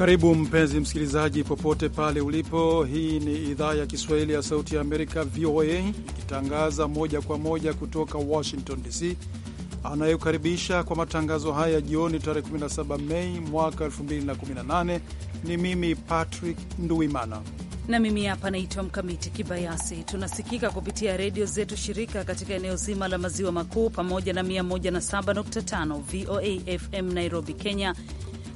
Karibu mpenzi msikilizaji, popote pale ulipo. Hii ni idhaa ya Kiswahili ya Sauti ya Amerika, VOA, ikitangaza moja kwa moja kutoka Washington DC. Anayekaribisha kwa matangazo haya jioni tarehe 17 Mei mwaka 2018 ni mimi Patrick Nduimana na mimi hapa naitwa Mkamiti Kibayasi. Tunasikika kupitia redio zetu shirika katika eneo zima la maziwa makuu pamoja na 107.5 VOA FM Nairobi, Kenya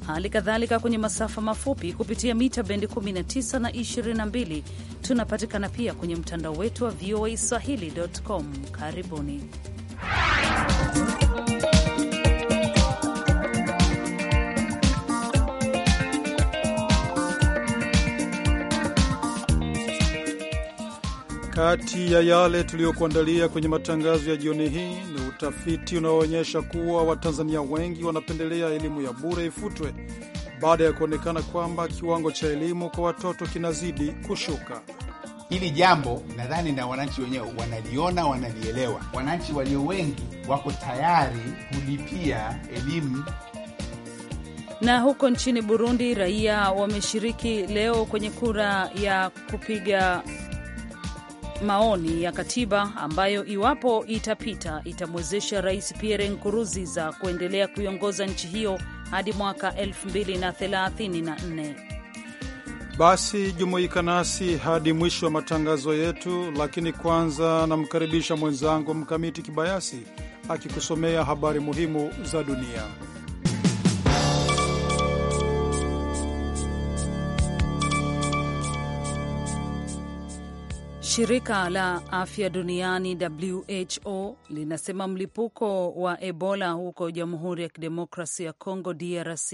hali kadhalika kwenye masafa mafupi kupitia mita bendi 19 na 22. Tunapatikana pia kwenye mtandao wetu wa VOA Swahili.com. Karibuni Kati ya yale tuliyokuandalia kwenye matangazo ya jioni hii ni utafiti unaoonyesha kuwa Watanzania wengi wanapendelea elimu ya bure ifutwe baada ya kuonekana kwamba kiwango cha elimu kwa watoto kinazidi kushuka. Hili jambo nadhani na wananchi wenyewe wanaliona, wanalielewa. Wananchi walio wengi wako tayari kulipia elimu. Na huko nchini Burundi, raia wameshiriki leo kwenye kura ya kupiga maoni ya katiba ambayo iwapo itapita itamwezesha Rais Pierre Nkurunziza kuendelea kuiongoza nchi hiyo hadi mwaka 2034. Basi jumuika nasi hadi mwisho wa matangazo yetu, lakini kwanza namkaribisha mwenzangu Mkamiti Kibayasi akikusomea habari muhimu za dunia. Shirika la afya duniani WHO linasema mlipuko wa Ebola huko Jamhuri ya Kidemokrasia ya Kongo DRC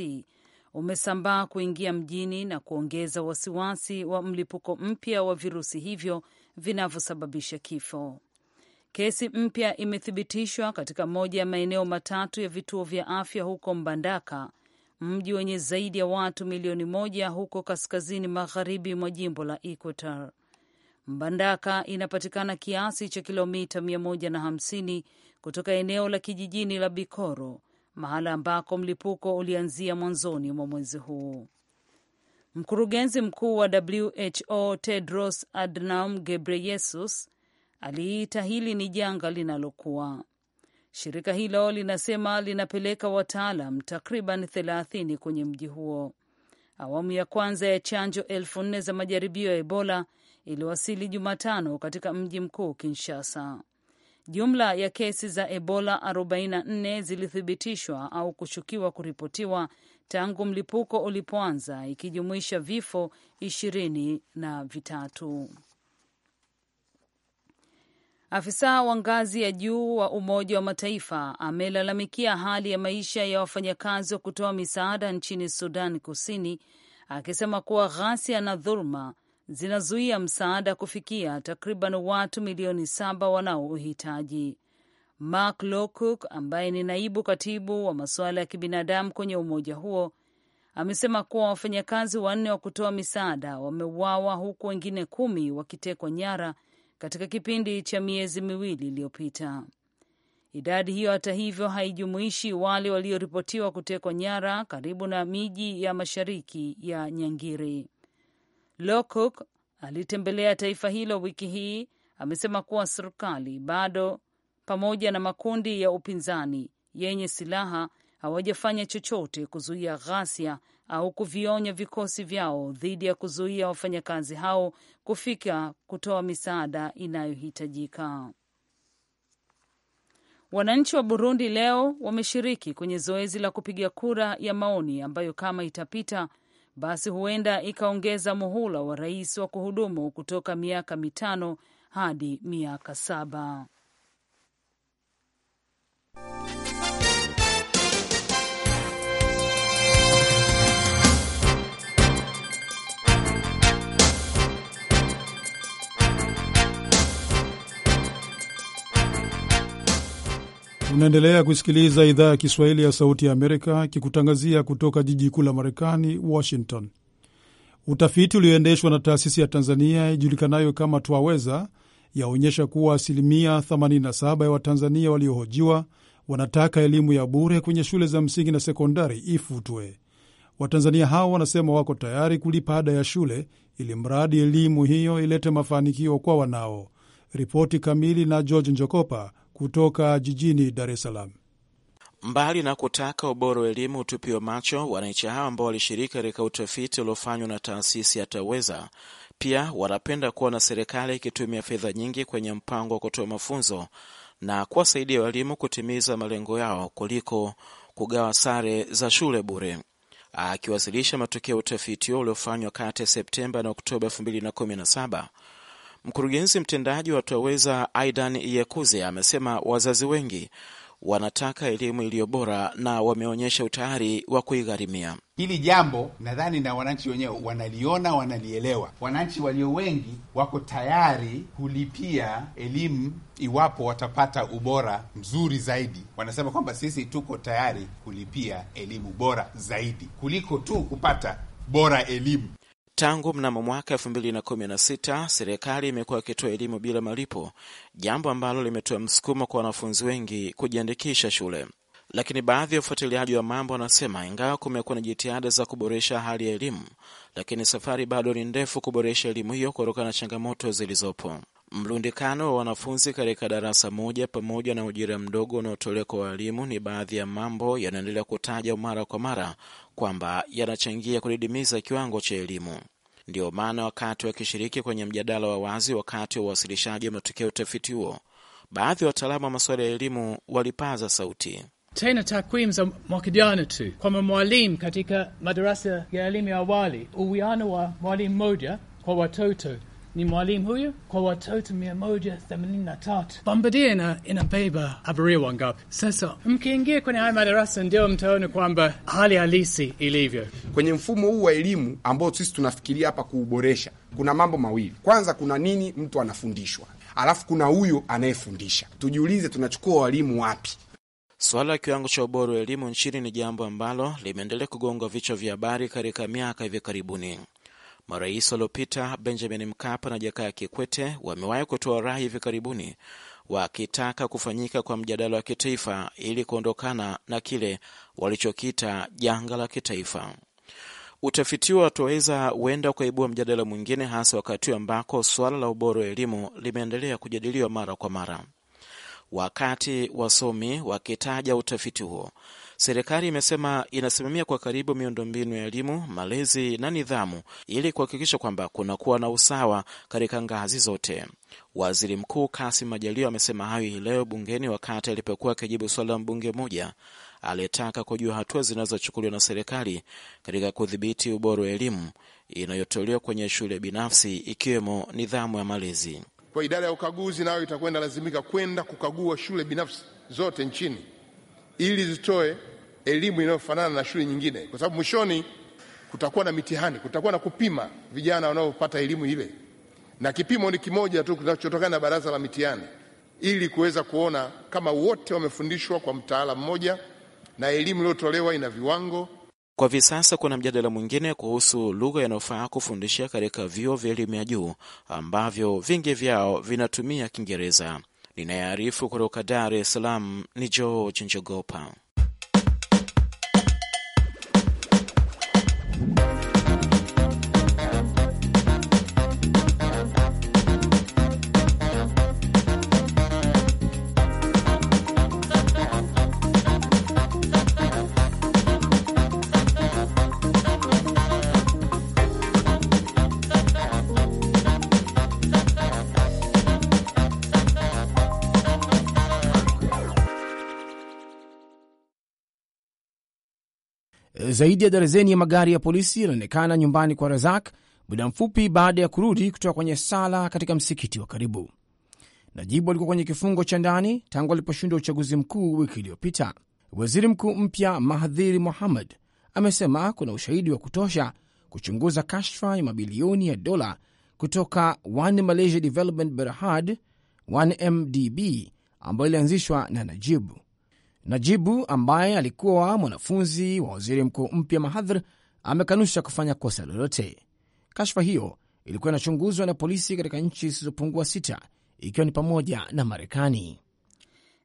umesambaa kuingia mjini na kuongeza wasiwasi wa mlipuko mpya wa virusi hivyo vinavyosababisha kifo. Kesi mpya imethibitishwa katika moja ya maeneo matatu ya vituo vya afya huko Mbandaka, mji wenye zaidi ya watu milioni moja huko kaskazini magharibi mwa jimbo la Equator. Mbandaka inapatikana kiasi cha kilomita 150 kutoka eneo la kijijini la Bikoro, mahala ambako mlipuko ulianzia mwanzoni mwa mwezi huu. Mkurugenzi mkuu wa WHO Tedros Adhanom Ghebreyesus aliita hili ni janga linalokuwa. Shirika hilo linasema linapeleka wataalam takriban thelathini kwenye mji huo. Awamu ya kwanza ya chanjo elfu nne za majaribio ya Ebola iliwasili Jumatano katika mji mkuu Kinshasa. Jumla ya kesi za Ebola 44 zilithibitishwa au kushukiwa kuripotiwa tangu mlipuko ulipoanza, ikijumuisha vifo ishirini na vitatu. Afisa wa ngazi ya juu wa Umoja wa Mataifa amelalamikia hali ya maisha ya wafanyakazi wa kutoa misaada nchini Sudan Kusini, akisema kuwa ghasia na dhuluma zinazuia msaada kufikia takriban watu milioni saba wanaouhitaji. Mark Lowcock ambaye ni naibu katibu wa masuala ya kibinadamu kwenye umoja huo amesema kuwa wafanyakazi wanne wa kutoa misaada wameuawa huku wengine kumi wakitekwa nyara katika kipindi cha miezi miwili iliyopita. Idadi hiyo hata hivyo haijumuishi wale walioripotiwa kutekwa nyara karibu na miji ya mashariki ya Nyangiri. Lowcock alitembelea taifa hilo wiki hii amesema kuwa serikali bado pamoja na makundi ya upinzani yenye silaha hawajafanya chochote kuzuia ghasia au kuvionya vikosi vyao dhidi ya kuzuia wafanyakazi hao kufika kutoa misaada inayohitajika. Wananchi wa Burundi leo wameshiriki kwenye zoezi la kupiga kura ya maoni ambayo kama itapita basi huenda ikaongeza muhula wa rais wa kuhudumu kutoka miaka mitano hadi miaka saba. Unaendelea kusikiliza idhaa ya Kiswahili ya Sauti ya Amerika kikutangazia kutoka jiji kuu la Marekani, Washington. Utafiti ulioendeshwa na taasisi ya Tanzania ijulikanayo kama Twaweza yaonyesha kuwa asilimia 87 ya Watanzania waliohojiwa wanataka elimu ya bure kwenye shule za msingi na sekondari ifutwe. Watanzania hao wanasema wako tayari kulipa ada ya shule ili mradi elimu hiyo ilete mafanikio kwa wanao. Ripoti kamili na George Njokopa kutoka jijini Dar es Salaam. Mbali na kutaka ubora wa elimu utupiwe macho, wananchi hao ambao walishiriki katika utafiti uliofanywa na taasisi ya Taweza pia wanapenda kuona serikali ikitumia fedha nyingi kwenye mpango wa kutoa mafunzo na kuwasaidia walimu kutimiza malengo yao kuliko kugawa sare za shule bure. Akiwasilisha matokeo ya utafiti huo uliofanywa kati ya Septemba na Oktoba Mkurugenzi mtendaji wa Twaweza Aidan Yekuze amesema wazazi wengi wanataka elimu iliyo bora na wameonyesha utayari wa kuigharimia hili jambo. Nadhani na wananchi wenyewe wanaliona, wanalielewa. Wananchi walio wengi wako tayari kulipia elimu iwapo watapata ubora mzuri zaidi. Wanasema kwamba sisi tuko tayari kulipia elimu bora zaidi kuliko tu kupata bora elimu. Tangu mnamo mwaka 216 serikali imekuwa ikitoa elimu bila malipo, jambo ambalo limetoa msukumo kwa wanafunzi wengi kujiandikisha shule. Lakini baadhi ya ufuatiliaji wa mambo wanasema ingawa kumekuwa na jitihada za kuboresha hali ya elimu, lakini safari bado ni ndefu kuboresha elimu hiyo kutokana na changamoto zilizopo. Mlundikano wa wanafunzi katika darasa moja pamoja na ujira mdogo unaotolewa kwa walimu ni baadhi ya mambo yanaendelea kutaja mara kwa mara kwamba yanachangia kudidimiza kiwango cha elimu. Ndiyo maana wakati wakishiriki kwenye mjadala wa wazi wakati wa uwasilishaji wa matokeo ya utafiti huo, baadhi ya wataalamu wa masuala ya elimu walipaza sauti. Tena takwimu za mwaka jana tu kwamba mwalimu katika madarasa ya elimu ya awali, uwiano wa mwalimu mmoja kwa watoto ni mwalimu huyu kwa watoto mia moja themanini na tatu. Bombardier ina beba abiria wangapi? Sasa mkiingia kwenye haya madarasa, ndio mtaona kwamba hali halisi ilivyo kwenye mfumo huu wa elimu ambao sisi tunafikiria hapa kuuboresha. Kuna mambo mawili, kwanza kuna nini mtu anafundishwa, alafu kuna huyu anayefundisha. Tujiulize, tunachukua walimu wapi? Suala la kiwango cha ubora wa elimu nchini ni jambo ambalo limeendelea kugonga vichwa vya habari katika miaka hivi karibuni. Marais waliopita Benjamin Mkapa na Jakaya Kikwete wamewahi kutoa rai hivi karibuni wakitaka kufanyika kwa mjadala wa kitaifa ili kuondokana na kile walichokita janga la kitaifa. Utafiti huo wataweza huenda ukaibua mjadala mwingine, hasa wakati ambako suala la ubora wa elimu limeendelea kujadiliwa mara kwa mara, wakati wasomi wakitaja utafiti huo Serikali imesema inasimamia kwa karibu miundombinu ya elimu, malezi na nidhamu ili kuhakikisha kwamba kunakuwa na usawa katika ngazi zote. Waziri Mkuu Kassim Majaliwa amesema hayo hii leo bungeni wakati alipokuwa akijibu swala la mbunge mmoja aliyetaka kujua hatua zinazochukuliwa na serikali katika kudhibiti ubora wa elimu inayotolewa kwenye shule binafsi ikiwemo nidhamu ya malezi. Kwa idara ya ukaguzi, nayo itakwenda lazimika kwenda kukagua shule binafsi zote nchini ili zitoe elimu inayofanana na shule nyingine, kwa sababu mwishoni kutakuwa na mitihani, kutakuwa na kupima vijana wanaopata elimu ile, na kipimo ni kimoja tu kinachotokana na baraza la mitihani, ili kuweza kuona kama wote wamefundishwa kwa mtaala mmoja na elimu iliyotolewa ina viwango. Kwa hivi sasa kuna mjadala mwingine kuhusu lugha inayofaa kufundishia katika vyuo vya elimu ya juu ambavyo vingi vyao vinatumia Kiingereza. Ninayearifu kutoka Dar es Salaam ni George Njogopa. Eh, zaidi ya darazeni ya magari ya polisi yalionekana nyumbani kwa Razak muda mfupi baada ya kurudi kutoka kwenye sala katika msikiti wa karibu. Najibu alikuwa kwenye kifungo cha ndani tangu aliposhindwa uchaguzi mkuu wiki iliyopita. Waziri mkuu mpya mahadhiri Mohamad amesema kuna ushahidi wa kutosha kuchunguza kashfa ya mabilioni ya dola kutoka One Malaysia Development Berhad, 1MDB, ambayo ilianzishwa na Najibu. Najibu ambaye alikuwa mwanafunzi wa waziri mkuu mpya Mahadhir amekanusha kufanya kosa lolote. Kashfa hiyo ilikuwa inachunguzwa na polisi katika nchi zisizopungua sita ikiwa ni pamoja na Marekani.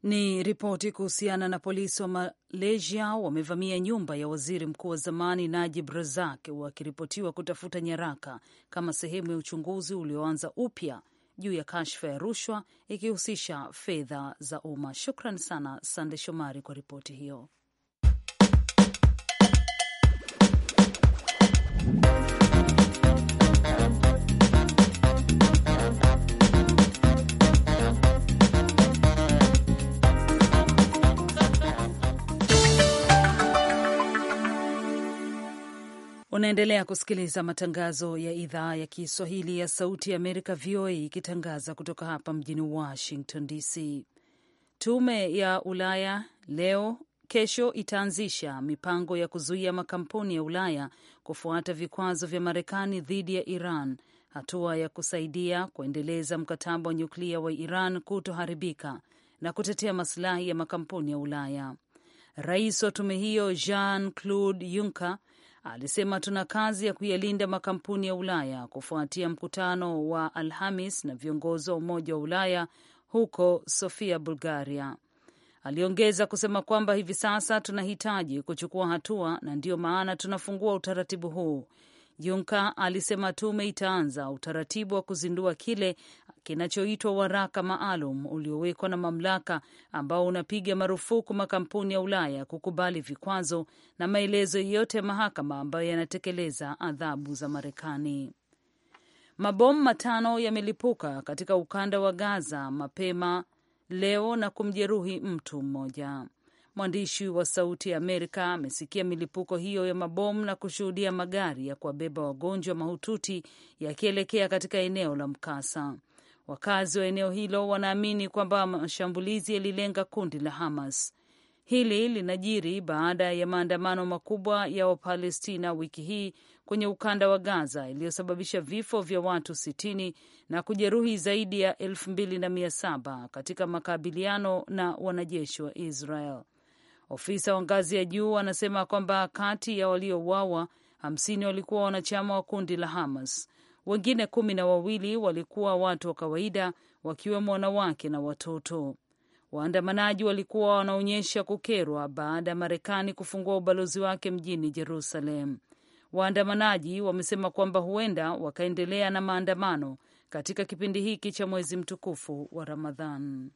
Ni ripoti kuhusiana na polisi wa Malaysia wamevamia nyumba ya waziri mkuu wa zamani Najib Razak wakiripotiwa kutafuta nyaraka kama sehemu ya uchunguzi ulioanza upya juu ya kashfa ya rushwa ikihusisha fedha za umma. Shukran sana Sande Shomari kwa ripoti hiyo. Unaendelea kusikiliza matangazo ya idhaa ya Kiswahili ya Sauti ya Amerika, VOA, ikitangaza kutoka hapa mjini Washington DC. Tume ya Ulaya leo kesho itaanzisha mipango ya kuzuia makampuni ya Ulaya kufuata vikwazo vya Marekani dhidi ya Iran, hatua ya kusaidia kuendeleza mkataba wa nyuklia wa Iran kutoharibika na kutetea masilahi ya makampuni ya Ulaya. Rais wa tume hiyo Jean Claude Juncker alisema tuna kazi ya kuyalinda makampuni ya Ulaya kufuatia mkutano wa Alhamis na viongozi wa Umoja wa Ulaya huko Sofia, Bulgaria. Aliongeza kusema kwamba hivi sasa tunahitaji kuchukua hatua na ndiyo maana tunafungua utaratibu huu junka alisema tume itaanza utaratibu wa kuzindua kile kinachoitwa waraka maalum uliowekwa na mamlaka ambao unapiga marufuku makampuni ya Ulaya kukubali vikwazo na maelezo yeyote ya mahakama ambayo yanatekeleza adhabu za Marekani. Mabomu matano yamelipuka katika ukanda wa Gaza mapema leo na kumjeruhi mtu mmoja. Mwandishi wa Sauti ya Amerika amesikia milipuko hiyo ya mabomu na kushuhudia magari ya kuwabeba wagonjwa mahututi yakielekea katika eneo la mkasa. Wakazi wa eneo hilo wanaamini kwamba mashambulizi yalilenga kundi la Hamas. Hili linajiri baada ya maandamano makubwa ya Wapalestina wiki hii kwenye ukanda wa Gaza iliyosababisha vifo vya watu 60 na kujeruhi zaidi ya 2700 katika makabiliano na wanajeshi wa Israel. Ofisa wa ngazi ya juu anasema kwamba kati ya waliouawa hamsini walikuwa wanachama wa kundi la Hamas. Wengine kumi na wawili walikuwa watu wa kawaida, wakiwemo wanawake na watoto. Waandamanaji walikuwa wanaonyesha kukerwa baada ya Marekani kufungua ubalozi wake mjini Jerusalem. Waandamanaji wamesema kwamba huenda wakaendelea na maandamano katika kipindi hiki cha mwezi mtukufu wa Ramadhan.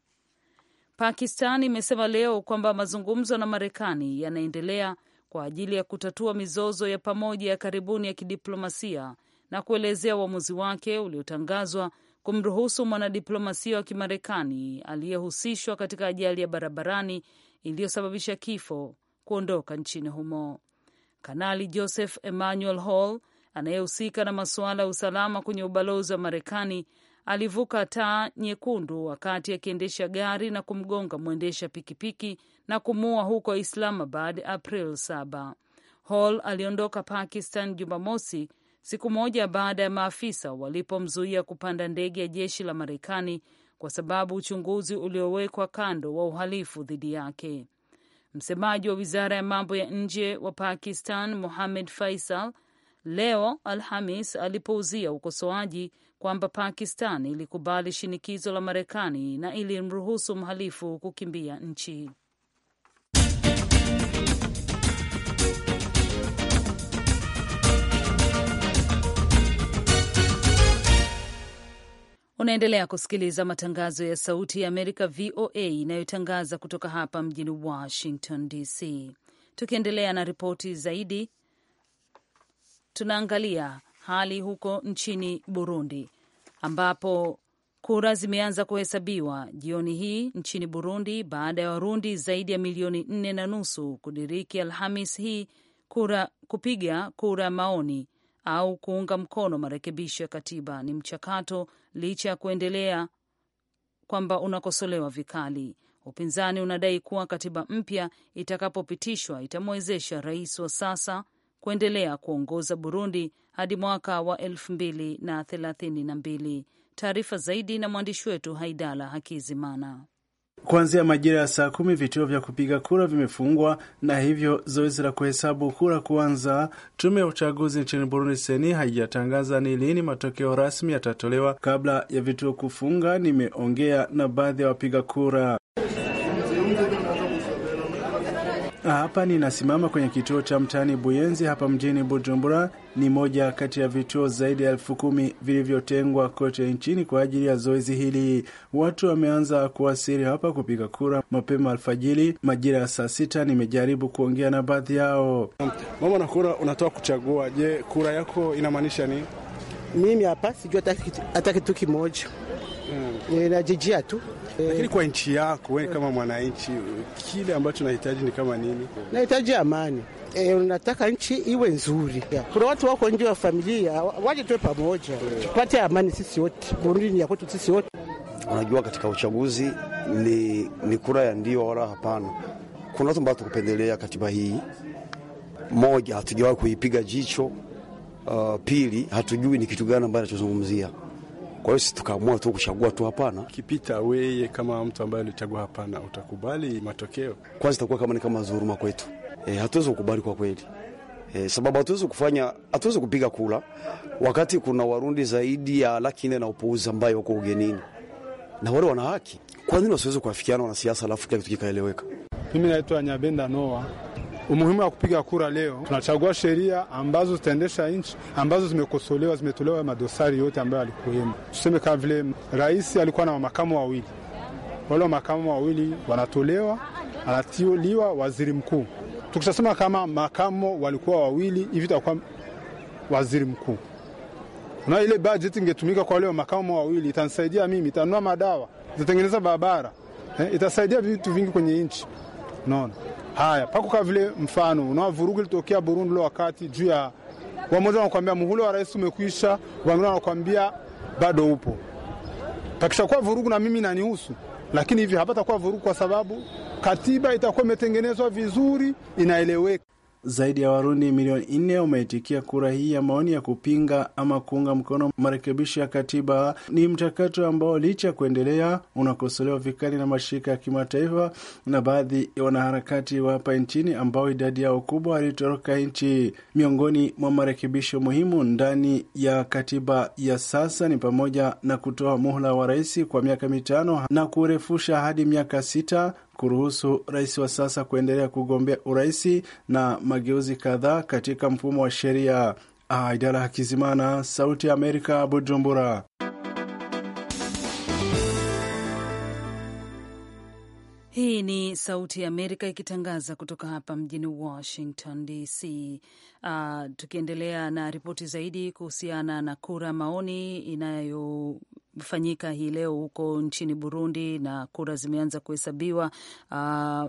Pakistan imesema leo kwamba mazungumzo na Marekani yanaendelea kwa ajili ya kutatua mizozo ya pamoja ya karibuni ya kidiplomasia na kuelezea uamuzi wake uliotangazwa kumruhusu mwanadiplomasia wa Kimarekani aliyehusishwa katika ajali ya barabarani iliyosababisha kifo kuondoka nchini humo. Kanali Joseph Emmanuel Hall anayehusika na masuala ya usalama kwenye ubalozi wa Marekani alivuka taa nyekundu wakati akiendesha gari na kumgonga mwendesha pikipiki na kumuua huko Islamabad April 7. Hall aliondoka Pakistan Jumamosi, siku moja baada ya maafisa walipomzuia kupanda ndege ya jeshi la Marekani kwa sababu uchunguzi uliowekwa kando wa uhalifu dhidi yake. Msemaji wa wizara ya mambo ya nje wa Pakistan muhamed Faisal leo Alhamis alipouzia ukosoaji kwamba Pakistan ilikubali shinikizo la Marekani na ilimruhusu mhalifu kukimbia nchi. Unaendelea kusikiliza matangazo ya Sauti ya Amerika, VOA, inayotangaza kutoka hapa mjini Washington DC. Tukiendelea na ripoti zaidi, tunaangalia hali huko nchini Burundi ambapo kura zimeanza kuhesabiwa jioni hii nchini Burundi baada ya Warundi zaidi ya milioni nne na nusu kudiriki Alhamis hii kura kupiga kura ya maoni au kuunga mkono marekebisho ya katiba. Ni mchakato licha ya kuendelea kwamba unakosolewa vikali. Upinzani unadai kuwa katiba mpya itakapopitishwa itamwezesha rais wa sasa kuendelea kuongoza Burundi hadi mwaka wa elfu mbili na thelathini na mbili. Taarifa zaidi na mwandishi wetu Haidala Hakizimana. Kuanzia majira ya saa kumi vituo vya kupiga kura vimefungwa na hivyo zoezi la kuhesabu kura kuanza. Tume ya uchaguzi nchini Burundi seni haijatangaza ni lini matokeo rasmi yatatolewa kabla ya vituo kufunga. Nimeongea na baadhi ya wapiga kura. Ah, hapa ninasimama kwenye kituo cha mtaani Buyenzi hapa mjini Bujumbura. Ni moja kati ya vituo zaidi ya elfu kumi vilivyotengwa kote nchini kwa ajili ya zoezi hili. Watu wameanza kuwasili hapa kupiga kura mapema alfajiri, majira ya saa sita. Nimejaribu kuongea na baadhi yao. Mama na kura unatoa kuchagua, je, kura yako inamaanisha nini? Mimi hapa sijui hata kitu kimoja, hmm. najijia tu lakini eh. kwa nchi yako wewe kama mwananchi, kile ambacho nahitaji ni kama nini? Nahitaji amani. E, unataka nchi iwe nzuri. Kuna watu wako nje wa familia, waje tuwe pamoja, eh. tupate amani sisi wote. Burundi ni ya kwetu sisi wote. Unajua, katika uchaguzi ni, ni kura ya ndio wala hapana. Kuna watu ambao tukupendelea katiba hii, moja hatujawahi kuipiga jicho. Uh, pili hatujui ni kitu gani ambayo anachozungumzia. Kwa hiyo sisi tukaamua tu kuchagua tu hapana. Kipita weye kama mtu ambaye alichagua hapana, utakubali matokeo? Kwanza itakuwa kama ni kama dhuluma kwetu. E, hatuwezi kukubali kwa kweli. E, sababu hatuwezi kufanya, hatuwezi kupiga kula wakati kuna Warundi zaidi ya laki nne na upuuzi ambayo wako ugenini na wale wana haki. Kwa nini wasiwezi kuafikiana wanasiasa alafu kila kitu kikaeleweka? Mimi naitwa Nyabenda Noa. Umuhimu wa kupiga kura leo, tunachagua sheria ambazo zitaendesha nchi, ambazo zimekosolewa, zimetolewa madosari yote ambayo alikuwemo. Tuseme kama vile rais alikuwa na makamu wawili, wale makamu wawili wanatolewa, anatioliwa waziri mkuu. Tukishasema kama makamo walikuwa wawili hivi, takuwa waziri mkuu na ile bajeti ingetumika kwa leo makamo wawili, itanisaidia mimi, itanunua madawa, itatengeneza barabara eh, itasaidia vitu vingi kwenye nchi, unaona. Haya, pako kama vile mfano unaona vurugu ilitokea Burundi lo wakati juu ya wamoja, wanakuambia muhula wa rais umekwisha, wengine wanakuambia bado upo. Pakishakuwa vurugu na mimi nanihusu, lakini hivi hapatakuwa vurugu kwa sababu katiba itakuwa imetengenezwa vizuri, inaeleweka. Zaidi ya Warundi milioni nne wameitikia kura hii ya maoni ya kupinga ama kuunga mkono marekebisho ya katiba. Ni mchakato ambao licha ya kuendelea unakosolewa vikali na mashirika ya kimataifa na baadhi ya wanaharakati wa hapa nchini ambao idadi yao kubwa walitoroka nchi. Miongoni mwa marekebisho muhimu ndani ya katiba ya sasa ni pamoja na kutoa muhula wa rais kwa miaka mitano na kurefusha hadi miaka sita, kuruhusu rais wa sasa kuendelea kugombea uraisi na mageuzi kadhaa katika mfumo wa sheria. Aidala ah, Hakizimana, Sauti ya Amerika, Bujumbura. Hii ni Sauti ya Amerika ikitangaza kutoka hapa mjini Washington DC. Uh, ah, tukiendelea na ripoti zaidi kuhusiana na kura maoni inayo fanyika hii leo huko nchini Burundi na kura zimeanza kuhesabiwa, uh,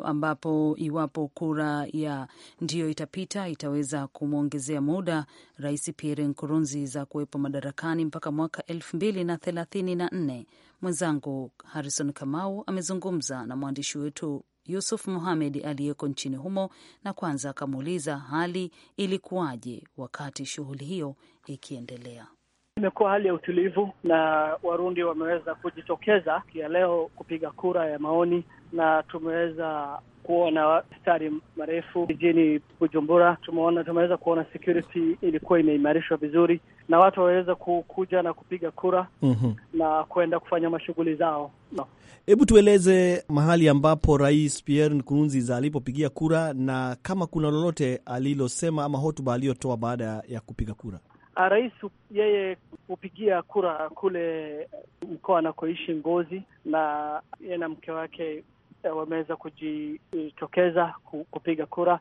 ambapo iwapo kura ya ndio itapita itaweza kumwongezea muda Rais Pierre Nkurunziza kuwepo madarakani mpaka mwaka elfu mbili na thelathini na nne. Mwenzangu Harrison Kamau amezungumza na mwandishi wetu Yusuf Muhamed aliyeko nchini humo na kwanza akamuuliza hali ilikuwaje wakati shughuli hiyo ikiendelea. Imekuwa hali ya utulivu na Warundi wameweza kujitokeza ya leo kupiga kura ya maoni, na tumeweza kuona mstari marefu jijini Bujumbura. Tumeona, tumeweza kuona security ilikuwa imeimarishwa vizuri na watu waweza kukuja na kupiga kura mm -hmm. na kwenda kufanya mashughuli zao. Hebu no. tueleze mahali ambapo Rais Pierre Nkurunziza alipopigia kura na kama kuna lolote alilosema ama hotuba aliyotoa baada ya kupiga kura. Ah, rais yeye hupigia kura kule mkoa anakoishi Ngozi, na yeye na mke wake eh, wameweza kujitokeza kupiga kura,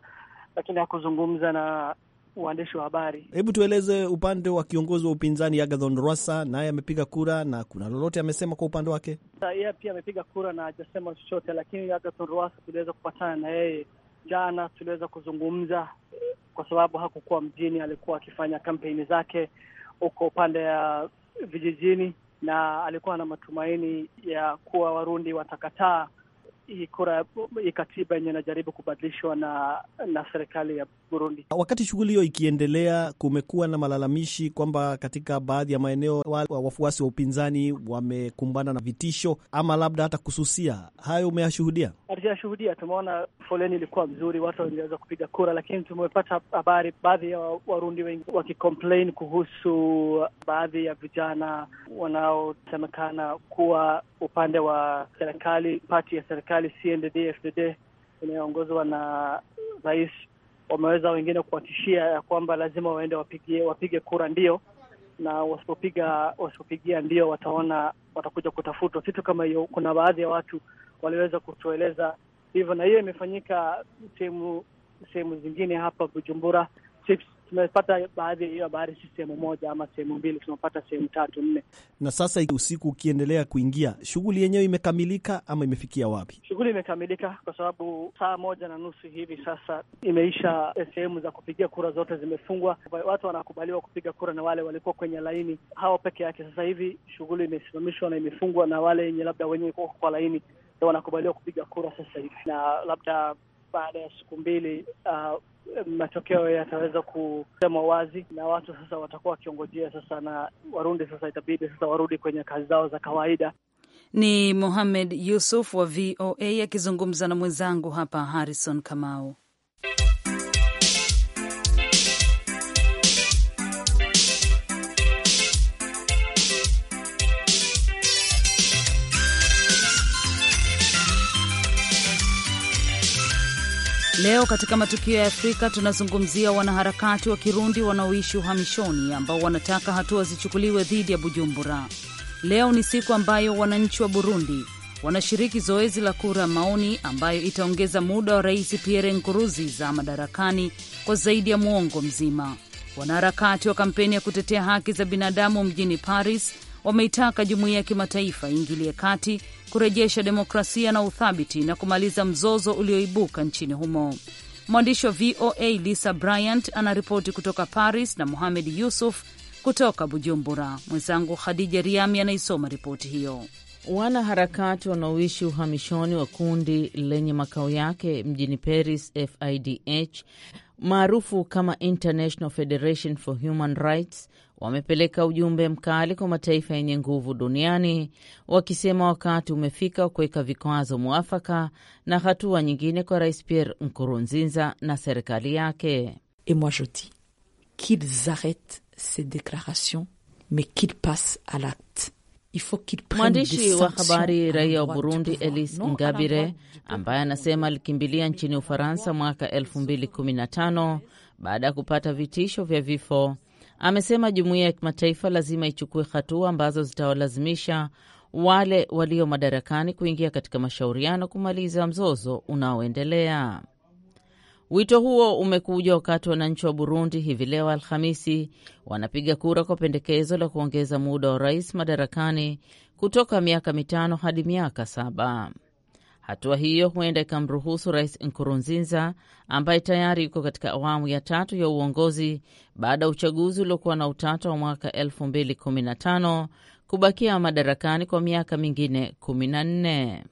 lakini hakuzungumza na waandishi wa habari. Hebu tueleze upande wa kiongozi wa upinzani Agathon Rwasa, naye amepiga kura na kuna lolote amesema kwa upande wake? Yeye pia amepiga kura na hajasema chochote, lakini Agathon Rwasa tuliweza kupatana na yeye Jana tuliweza kuzungumza kwa sababu hakukuwa mjini, alikuwa akifanya kampeni zake huko upande ya vijijini, na alikuwa na matumaini ya kuwa Warundi watakataa hii kura hii katiba yenye inajaribu kubadilishwa na na serikali ya Burundi. Wakati shughuli hiyo ikiendelea, kumekuwa na malalamishi kwamba katika baadhi ya maeneo wafuasi wa upinzani wamekumbana na vitisho ama labda hata kususia. Hayo umeyashuhudia? Hatujashuhudia. Tumeona foleni ilikuwa mzuri, watu waliweza kupiga kura, lakini tumepata habari baadhi ya Warundi wengi wakicomplain kuhusu baadhi ya vijana wanaosemekana kuwa upande wa serikali, pati ya serikali CNDD FDD inayoongozwa na rais, wameweza wengine kuwatishia ya kwamba lazima waende wapigie wapige kura ndio, na wasipopiga wasipopigia ndio wataona watakuja kutafutwa, kitu kama hiyo. Kuna baadhi ya watu waliweza kutueleza hivyo, na hiyo imefanyika sehemu sehemu zingine hapa Bujumbura, Chips tumepata baadhi ya hiyo habari, si sehemu moja ama sehemu mbili, tunapata sehemu tatu nne. Na sasa usiku ukiendelea kuingia, shughuli yenyewe imekamilika ama imefikia wapi? Shughuli imekamilika kwa sababu saa moja na nusu hivi sasa imeisha. Eh, sehemu za kupigia kura zote zimefungwa, watu wanakubaliwa kupiga kura na wale walikuwa kwenye laini hao peke yake. Sasa hivi shughuli imesimamishwa na imefungwa, na wale yenye labda wenyewe kwa laini wanakubaliwa kupiga kura sasa hivi, na labda baada ya siku mbili uh, matokeo yataweza kusema wazi na watu sasa watakuwa wakiongojea sasa, na Warundi sasa itabidi sasa warudi kwenye kazi zao za kawaida. Ni Mohamed Yusuf wa VOA akizungumza na mwenzangu hapa Harrison Kamau. Leo katika matukio ya Afrika tunazungumzia wanaharakati wa Kirundi wanaoishi uhamishoni ambao wanataka hatua zichukuliwe dhidi ya Bujumbura. Leo ni siku ambayo wananchi wa Burundi wanashiriki zoezi la kura ya maoni ambayo itaongeza muda wa Rais Pierre Nkurunziza madarakani kwa zaidi ya mwongo mzima. Wanaharakati wa kampeni ya kutetea haki za binadamu mjini Paris wameitaka jumuiya ya kimataifa iingilie kati kurejesha demokrasia na uthabiti na kumaliza mzozo ulioibuka nchini humo. Mwandishi wa VOA Lisa Bryant anaripoti kutoka Paris na muhamed Yusuf kutoka Bujumbura. Mwenzangu Khadija Riami anaisoma ripoti hiyo. Wanaharakati wanaoishi uhamishoni wa kundi lenye makao yake mjini Paris, FIDH maarufu kama International Federation for Human Rights wamepeleka ujumbe mkali kwa mataifa yenye nguvu duniani wakisema wakati umefika wa kuweka vikwazo mwafaka na hatua nyingine kwa Rais Pierre Nkurunziza na serikali yake. Et moi je dis qu'ils ces declarations mais qu'ils passent à l'acte. Mwandishi wa habari raia wa Burundi elis Ngabire ambaye anasema alikimbilia nchini Ufaransa mwaka 2015 baada ya kupata vitisho vya vifo Amesema jumuiya ya kimataifa lazima ichukue hatua ambazo zitawalazimisha wale walio madarakani kuingia katika mashauriano kumaliza mzozo unaoendelea. Wito huo umekuja wakati wananchi wa Burundi hivi leo Alhamisi wanapiga kura kwa pendekezo la kuongeza muda wa rais madarakani kutoka miaka mitano hadi miaka saba. Hatua hiyo huenda ikamruhusu Rais Nkurunziza ambaye tayari yuko katika awamu ya tatu ya uongozi baada ya uchaguzi uliokuwa na utata wa mwaka 2015 kubakia madarakani kwa miaka mingine 14.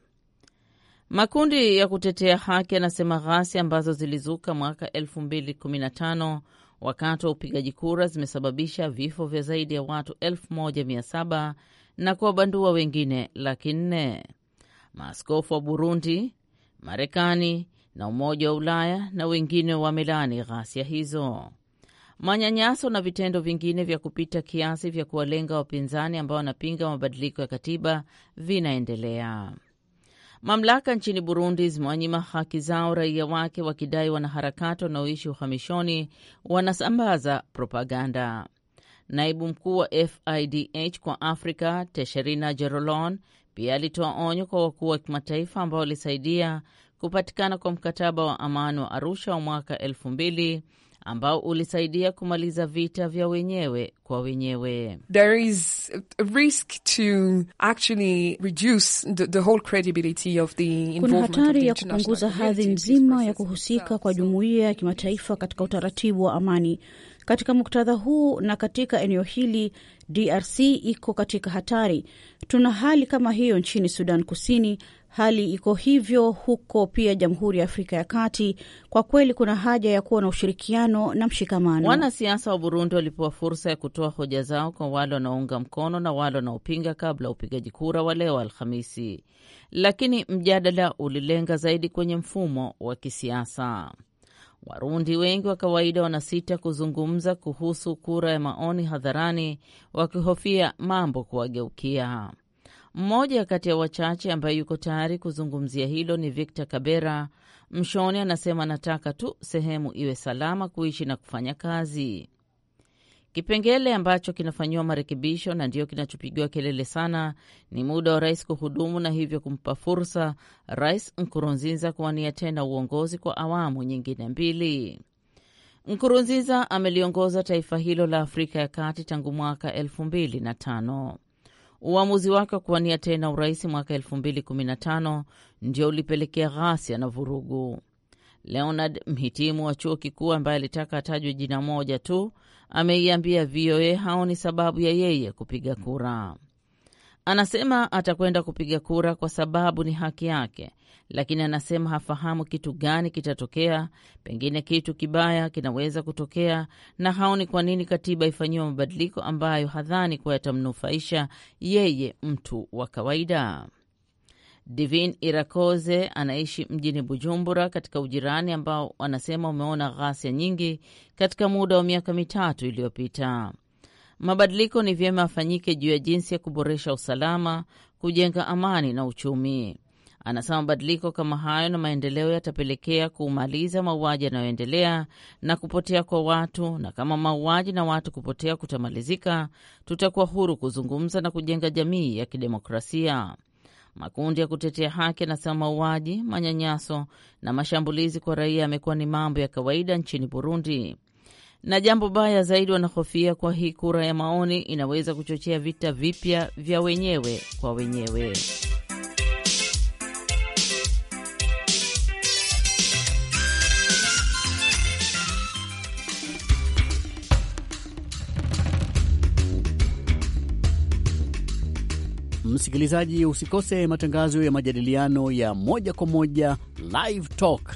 Makundi ya kutetea haki yanasema ghasia ambazo zilizuka mwaka 2015 wakati wa upigaji kura zimesababisha vifo vya zaidi ya watu 1700 na kuwabandua wengine laki nne. Maaskofu wa Burundi, Marekani na Umoja wa Ulaya na wengine wamelaani ghasia hizo. Manyanyaso na vitendo vingine vya kupita kiasi vya kuwalenga wapinzani ambao wanapinga mabadiliko ya katiba vinaendelea. Mamlaka nchini Burundi zimewanyima haki zao raia wake, wakidai wanaharakati wanaoishi uhamishoni wanasambaza propaganda. Naibu mkuu wa FIDH kwa Afrika, Tesherina Jerolon, pia alitoa onyo kwa wakuu wa kimataifa ambao walisaidia kupatikana kwa mkataba wa amani wa Arusha wa mwaka elfu mbili ambao ulisaidia kumaliza vita vya wenyewe kwa wenyewe. There is a risk to actually reduce the, the whole credibility of the involvement. Kuna hatari ya kupunguza hadhi nzima ya kuhusika kwa jumuiya ya kimataifa katika utaratibu wa amani. Katika muktadha huu na katika eneo hili, DRC iko katika hatari. Tuna hali kama hiyo nchini Sudan Kusini Hali iko hivyo huko pia Jamhuri ya Afrika ya Kati. Kwa kweli kuna haja ya kuwa na ushirikiano na mshikamano. Wanasiasa wa Burundi walipewa fursa ya kutoa hoja zao kwa wale wanaounga mkono na wale wanaopinga kabla ya upigaji kura wa leo Alhamisi, lakini mjadala ulilenga zaidi kwenye mfumo wa kisiasa. Warundi wengi wa kawaida wanasita kuzungumza kuhusu kura ya maoni hadharani, wakihofia mambo kuwageukia. Mmoja kati ya wachache ambaye yuko tayari kuzungumzia hilo ni Victor Kabera Mshoni. Anasema anataka tu sehemu iwe salama kuishi na kufanya kazi. Kipengele ambacho kinafanyiwa marekebisho na ndiyo kinachopigiwa kelele sana ni muda wa rais kuhudumu na hivyo kumpa fursa Rais Nkurunziza kuwania tena uongozi kwa awamu nyingine mbili. Nkurunziza ameliongoza taifa hilo la Afrika ya Kati tangu mwaka elfu mbili na tano. Uamuzi wake wa kuwania tena urais mwaka 2015 ndio ulipelekea ghasia na vurugu. Leonard, mhitimu wa chuo kikuu ambaye alitaka atajwe jina moja tu, ameiambia VOA haoni sababu ya yeye kupiga kura. Anasema atakwenda kupiga kura kwa sababu ni haki yake, lakini anasema hafahamu kitu gani kitatokea. Pengine kitu kibaya kinaweza kutokea, na haoni kwa nini katiba ifanyiwe mabadiliko ambayo hadhani kuwa yatamnufaisha yeye, mtu wa kawaida. Divin Irakoze anaishi mjini Bujumbura katika ujirani ambao anasema umeona ghasia nyingi katika muda wa miaka mitatu iliyopita. Mabadiliko ni vyema afanyike juu ya jinsi ya kuboresha usalama, kujenga amani na uchumi. Anasema mabadiliko kama hayo na maendeleo yatapelekea kumaliza mauaji yanayoendelea na kupotea kwa watu, na kama mauaji na watu kupotea kutamalizika, tutakuwa huru kuzungumza na kujenga jamii ya kidemokrasia. Makundi ya kutetea haki yanasema mauaji, manyanyaso na mashambulizi kwa raia yamekuwa ni mambo ya kawaida nchini Burundi, na jambo baya zaidi, wanahofia kwa hii kura ya maoni inaweza kuchochea vita vipya vya wenyewe kwa wenyewe. Msikilizaji, usikose matangazo ya majadiliano ya moja kwa moja Live Talk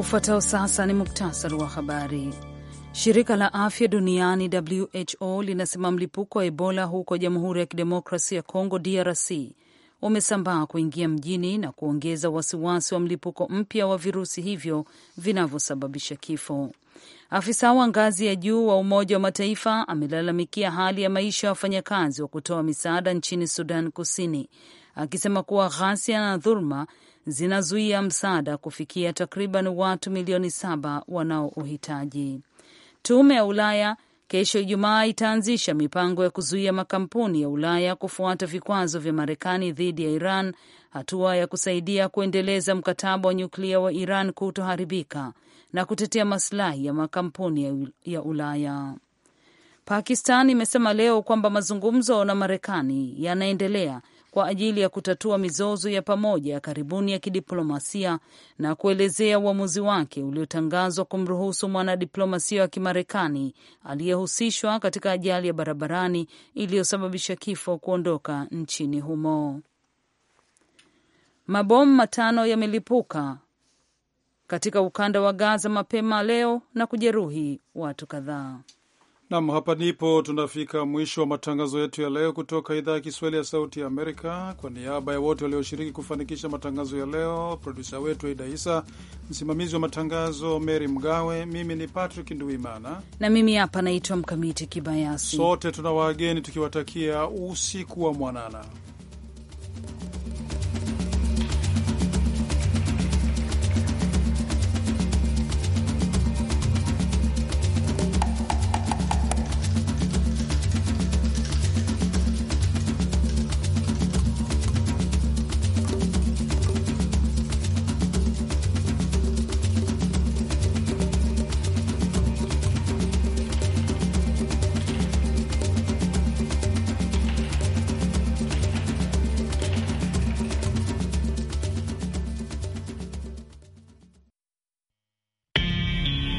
Ufuatao sasa ni muktasari wa habari. Shirika la afya duniani WHO linasema mlipuko wa Ebola huko Jamhuri ya Kidemokrasia ya Kongo DRC umesambaa kuingia mjini na kuongeza wasiwasi wa mlipuko mpya wa virusi hivyo vinavyosababisha kifo. Afisa wa ngazi ya juu wa Umoja wa Mataifa amelalamikia hali ya maisha ya wafanyakazi wa kutoa misaada nchini Sudan Kusini, akisema kuwa ghasia na dhuluma zinazuia msaada kufikia takriban watu milioni saba wanaouhitaji. Tume ya Ulaya kesho Ijumaa itaanzisha mipango ya kuzuia makampuni ya Ulaya kufuata vikwazo vya Marekani dhidi ya Iran, hatua ya kusaidia kuendeleza mkataba wa nyuklia wa Iran kutoharibika na kutetea masilahi ya makampuni ya Ulaya. Pakistan imesema leo kwamba mazungumzo na Marekani yanaendelea kwa ajili ya kutatua mizozo ya pamoja ya karibuni ya kidiplomasia na kuelezea uamuzi wake uliotangazwa kumruhusu mwanadiplomasia wa Kimarekani aliyehusishwa katika ajali ya barabarani iliyosababisha kifo kuondoka nchini humo. Mabomu matano yamelipuka katika ukanda wa Gaza mapema leo na kujeruhi watu kadhaa. Nam, hapa ndipo tunafika mwisho wa matangazo yetu ya leo kutoka idhaa ya Kiswahili ya Sauti ya Amerika. Kwa niaba ya wote walioshiriki kufanikisha matangazo ya leo, produsa wetu Aida Isa, msimamizi wa matangazo Mary Mgawe, mimi ni Patrick Nduimana na mimi hapa naitwa Mkamiti Kibayasi, sote tuna wageni tukiwatakia usiku wa mwanana.